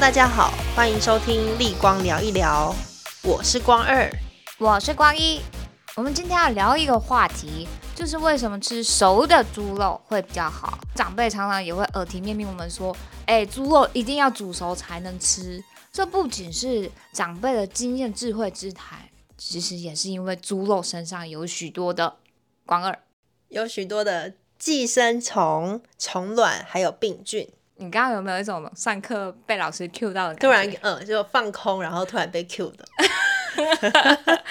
大家好，歡迎收聽《立光聊一聊》，我是光二，我是光一。我們今天要聊一個話題，就是為什麼吃熟的豬肉會比較好。長輩常常也會耳提面命我們說，哎，豬肉一定要煮熟才能吃。這不僅是長輩的經驗智慧之談，其實也是因為豬肉身上有許多的光二，有許多的寄生蟲、蟲卵，還有病菌。你剛剛有沒有一種上課被老師 cue 到的感覺，突然嗯、呃、就放空，然後突然被 cue 的？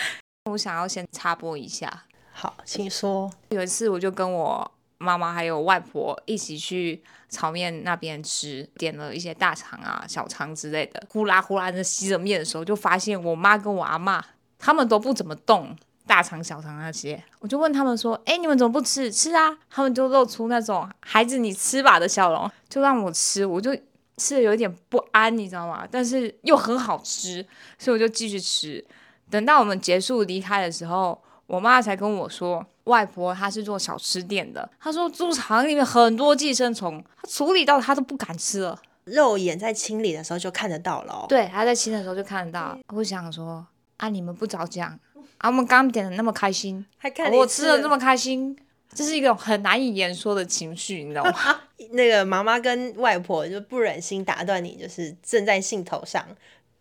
我想要先插播一下，好，請說。有一次我就跟我媽媽還有外婆一起去炒麵那邊吃，點了一些大腸啊、小腸之類的，呼啦呼啦的吸着麵的時候，就發現我媽跟我阿嬤他們都不怎麼動。大腸小腸那些，我就問他們說：“哎，你們怎麼不吃？吃啊！”他們就露出那種“孩子，你吃吧”的笑容，就讓我吃。我就吃的有點不安，你知道嗎？但是又很好吃，所以我就繼續吃。等到我們結束離開的時候，我媽才跟我說：“外婆她是做小吃店的，她說豬腸裡面很多寄生蟲，她處理到她都不敢吃了。肉眼在清理的時候就看得到了哦。對，她在清的時候就看得到。我想說啊，你們不早講。”啊！我們剛點的那麼開心，還我吃的那麼開心，這、就是一個很難以言說的情緒，你知道嗎？啊、那個媽媽跟外婆就不忍心打斷你，就是正在興頭上。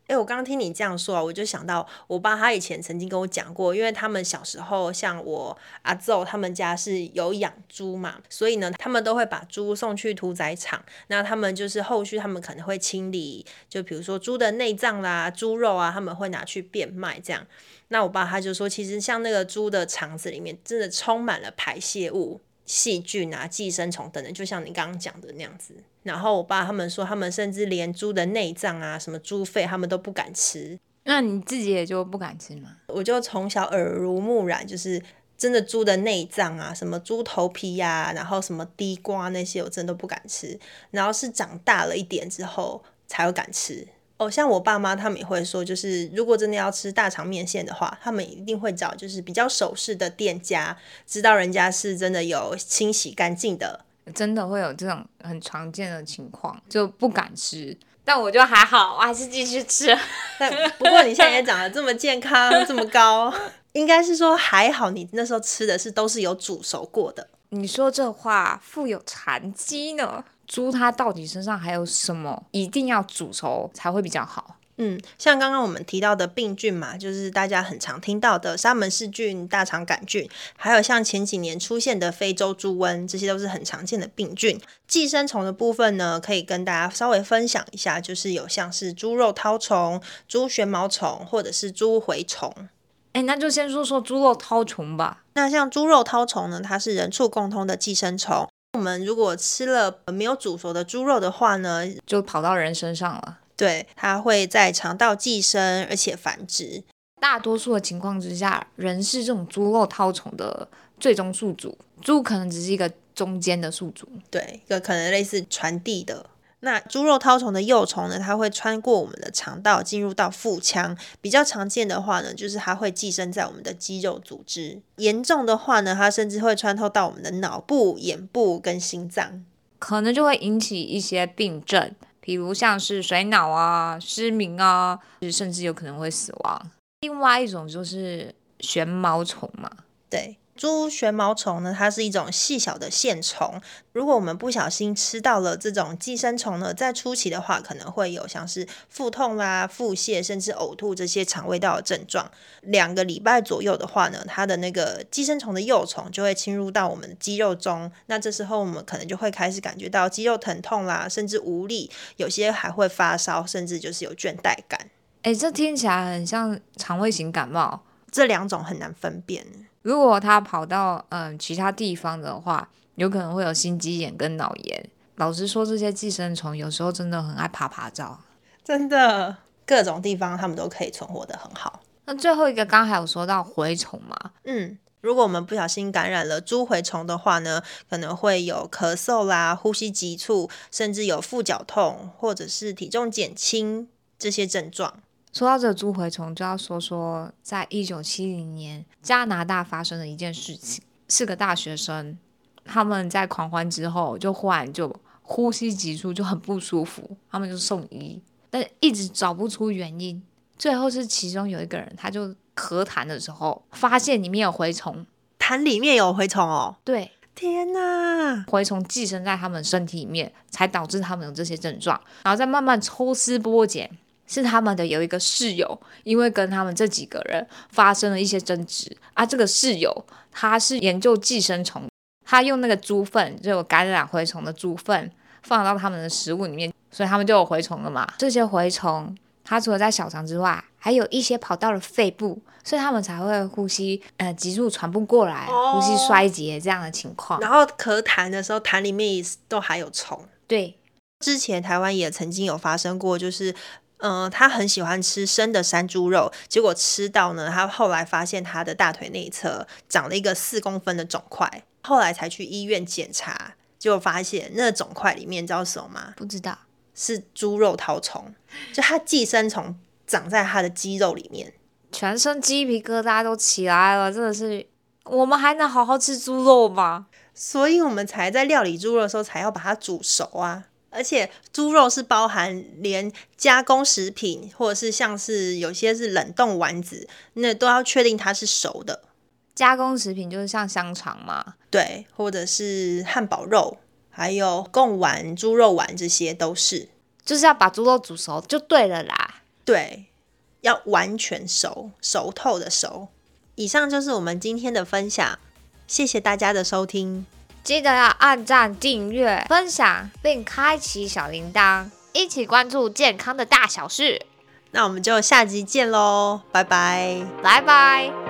哎、欸，我剛剛聽你這樣說啊，我就想到我爸他以前曾經跟我講過，因為他們小時候像我阿祖他們家是有養豬嘛，所以呢，他們都會把豬送去屠宰場。那他們就是後續他們可能會清理，就比如說豬的內臟啦、豬肉啊，他們會拿去變賣這樣。那我爸他就說，其實像那個豬的腸子裡面真的充滿了排泄物。細菌啊、寄生蟲等等，就像你剛剛講的那樣子。然後我爸他們說，他們甚至連豬的內臟啊、什麼豬肺，他們都不敢吃。那你自己也就不敢吃嗎？我就從小耳濡目染，就是真的豬的內臟啊、什麼豬頭皮呀、啊，然後什麼地瓜那些，我真的都不敢吃。然後是長大了一點之後，才有敢吃。哦，像我爸媽他們也會說，就是如果真的要吃大腸麵線的話，他們一定會找就是比較熟識的店家，知道人家是真的有清洗乾淨的，真的會有這種很常見的情況，就不敢吃。但我就還好，我還是繼續吃。但 不過你現在也長得這麼健康， 這麼高，應該是說還好，你那時候吃的是都是有煮熟過的。你說這話富有禪機呢？豬它到底身上還有什麼一定要煮熟才會比較好？嗯，像剛剛我們提到的病菌嘛，就是大家很常聽到的沙門氏菌、大腸桿菌，還有像前幾年出現的非洲豬瘟，這些都是很常見的病菌。寄生蟲的部分呢，可以跟大家稍微分享一下，就是有像是豬肉絛蟲、豬旋毛蟲或者是豬蛔蟲。哎、欸，那就先說說豬肉絛蟲吧。那像豬肉絛蟲呢，它是人畜共通的寄生蟲。我們如果吃了沒有煮熟的豬肉的話呢，就跑到人身上了。對，它會在腸道寄生，而且繁殖。大多數的情況之下，人是這種豬肉絛蟲的最終宿主，豬可能只是一個中間的宿主，對，一個可能類似傳遞的。那豬肉絛蟲的幼蟲呢？它會穿過我們的腸道，進入到腹腔。比較常見的話呢，就是它會寄生在我們的肌肉組織。嚴重的話呢，它甚至會穿透到我們的腦部、眼部跟心臟，可能就會引起一些病症，比如像是水腦啊、失明啊，甚至有可能會死亡。另外一種就是旋毛蟲嘛，對。豬旋毛蟲呢，它是一種細小的線蟲。如果我們不小心吃到了這種寄生蟲呢，在初期的話，可能會有像是腹痛啦、腹瀉，甚至嘔吐這些腸胃道的症狀。兩個禮拜左右的話呢，它的那個寄生蟲的幼蟲就會侵入到我們肌肉中。那這時候我們可能就會開始感覺到肌肉疼痛啦，甚至無力，有些還會發燒，甚至就是有倦怠感。哎、欸，這聽起來很像腸胃型感冒。這兩種很難分辨。如果他跑到嗯，其他地方的話，有可能會有心肌炎跟腦炎。老實說，這些寄生蟲有時候真的很愛趴趴走，真的，各種地方他們都可以存活得很好。那最後一個，剛才有說到蛔蟲嘛？嗯，如果我們不小心感染了豬蛔蟲的話呢，可能會有咳嗽啦、呼吸急促，甚至有腹絞痛或者是體重減輕這些症狀。說到這個豬蛔蟲，就要說說在一九七零年加拿大發生的一件事情。四個大學生他們在狂歡之後，就忽然就呼吸急促，就很不舒服。他們就送醫，但一直找不出原因。最後是其中有一個人，他就咳痰的時候，發現裡面有蛔蟲。痰裡面有蛔蟲哦？對，天哪！蛔蟲寄生在他們身體裡面，才導致他們有這些症狀。然後再慢慢抽絲剝繭。是他們的有一個室友，因為跟他們這幾個人發生了一些爭執啊。這個室友他是研究寄生蟲，他用那個豬糞，就有感染蛔蟲的豬糞，放到他們的食物裡面，所以他們就有蛔蟲了嘛。這些蛔蟲，它除了在小腸之外，還有一些跑到了肺部，所以他們才會呼吸呃，急速傳不過來，哦、呼吸衰竭這樣的情況。然後咳痰的時候，痰裡面都還有蟲。對，之前台灣也曾經有發生過，就是。嗯、呃，他很喜歡吃生的山豬肉，結果吃到呢，他後來發現他的大腿內側長了一個四公分的腫塊，後來才去醫院檢查，結果發現那腫塊裡面知道什麼嗎？不知道，是豬肉絛蟲，就他寄生蟲長在他的肌肉裡面，全身雞皮疙瘩都起來了，真的是，我們還能好好吃豬肉嗎？所以我們才在料理豬肉的時候，才要把它煮熟啊。而且豬肉是包含連加工食品，或者是像是有些是冷凍丸子，那都要確定它是熟的。加工食品就是像香腸嗎？對，或者是漢堡肉，還有貢丸、豬肉丸，這些都是，就是要把豬肉煮熟就對了啦。對，要完全熟，熟透的熟。以上就是我們今天的分享，謝謝大家的收聽。記得要按讚、訂閱、分享，並開啟小鈴鐺，一起關注健康的大小事。那我們就下集見嘍，拜拜，拜拜。